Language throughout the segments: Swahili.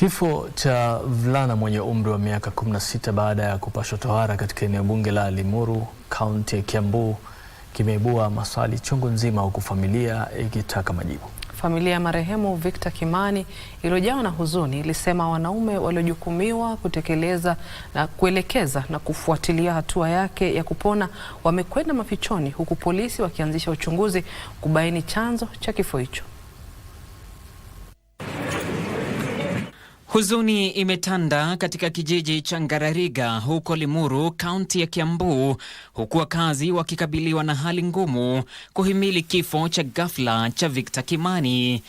Kifo cha mvulana mwenye umri wa miaka 16 baada ya kupashwa tohara katika eneo bunge la Limuru, kaunti ya Kiambu kimeibua maswali chungu nzima huku familia ikitaka majibu. Familia ya marehemu Victor Kimani iliyojawa na huzuni ilisema wanaume waliojukumiwa kutekeleza na kuelekeza na kufuatilia hatua yake ya kupona wamekwenda mafichoni huku polisi wakianzisha uchunguzi kubaini chanzo cha kifo hicho. Huzuni imetanda katika kijiji cha Ngarariga huko Limuru, kaunti ya Kiambu, huku wakazi wakikabiliwa na hali ngumu kuhimili kifo cha ghafla cha Victor Kimani.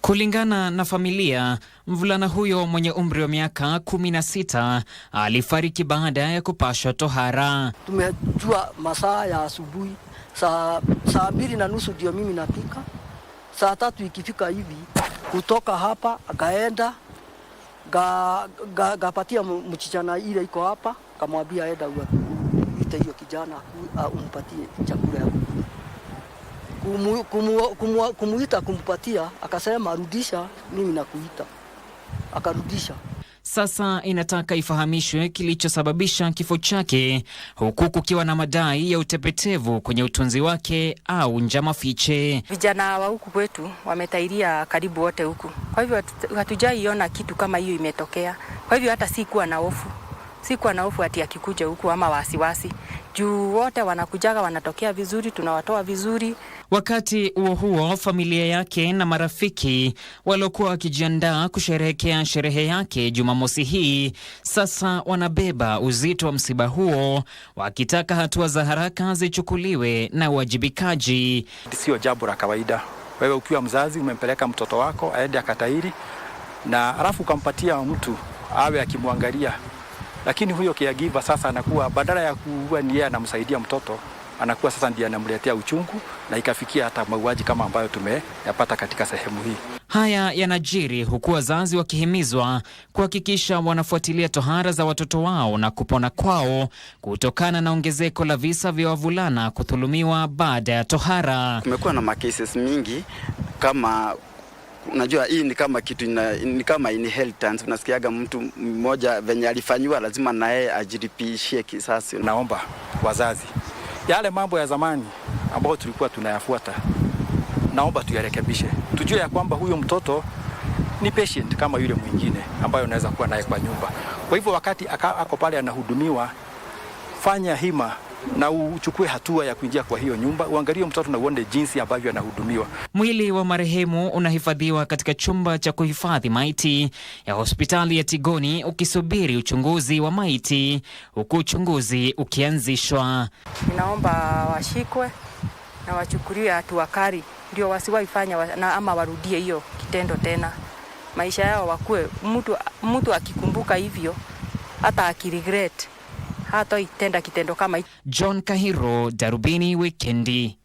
Kulingana na familia, mvulana huyo mwenye umri wa miaka 16 alifariki baada ya kupashwa tohara. Tumejua masaa ya asubuhi saa mbili na nusu ndio mimi napika, saa tatu ikifika hivi kutoka hapa akaenda gapatia ga, ga mchichana ile iko hapa, kamwambia aenda uite hiyo kijana uh, umpatie chakula ya kumuita kumu, kumu, kumu kumpatia. Akasema rudisha, mimi nakuita. Akarudisha sasa inataka ifahamishwe kilichosababisha kifo chake, huku kukiwa na madai ya utepetevu kwenye utunzi wake au njama fiche. Vijana wa huku kwetu wametairia karibu wote huku, kwa hivyo hatujaiona kitu kama hiyo imetokea. Kwa hivyo hata sikuwa na hofu, sikuwa na hofu ati akikuja huku ama wasiwasi, juu wote wanakujaga wanatokea vizuri, tunawatoa vizuri. Wakati huo huo, familia yake na marafiki waliokuwa wakijiandaa kusherehekea sherehe yake Jumamosi hii sasa wanabeba uzito wa msiba huo, wakitaka hatua za haraka zichukuliwe na uwajibikaji. Sio jambo la kawaida, wewe ukiwa mzazi umempeleka mtoto wako aende akatairi na alafu ukampatia mtu awe akimwangalia, lakini huyo caregiver sasa anakuwa badala ya kuwa ni yeye anamsaidia mtoto anakuwa sasa ndiye anamletea uchungu na ikafikia hata mauaji kama ambayo tumeyapata katika sehemu hii. Haya yanajiri huku wazazi wakihimizwa kuhakikisha wanafuatilia tohara za watoto wao na kupona kwao kutokana na ongezeko la visa vya wavulana kudhulumiwa baada ya tohara. Kumekuwa na makeses mingi kama Unajua, hii ni kama kitu ina, ni kama inheritance. Unasikiaga mtu mmoja venye alifanyiwa, lazima naye ajiripishie kisasi. Naomba wazazi yale mambo ya zamani ambayo tulikuwa tunayafuata, naomba tuyarekebishe, tujue ya kwamba huyo mtoto ni patient kama yule mwingine ambayo unaweza kuwa naye kwa nyumba. Kwa hivyo wakati ako pale anahudumiwa, fanya hima na uchukue hatua ya kuingia kwa hiyo nyumba, uangalie mtoto na uone jinsi ambavyo anahudumiwa. Mwili wa marehemu unahifadhiwa katika chumba cha kuhifadhi maiti ya hospitali ya Tigoni ukisubiri uchunguzi wa maiti, huku uchunguzi ukianzishwa. Ninaomba washikwe na wachukuliwe hatua kali, ndio wasiwaifanya na ama warudie hiyo kitendo tena. Maisha yao wakuwe mtu mtu akikumbuka hivyo hata akiregret hatoitenda kitendo kama hicho. John Kahiro, Darubini Wikendi.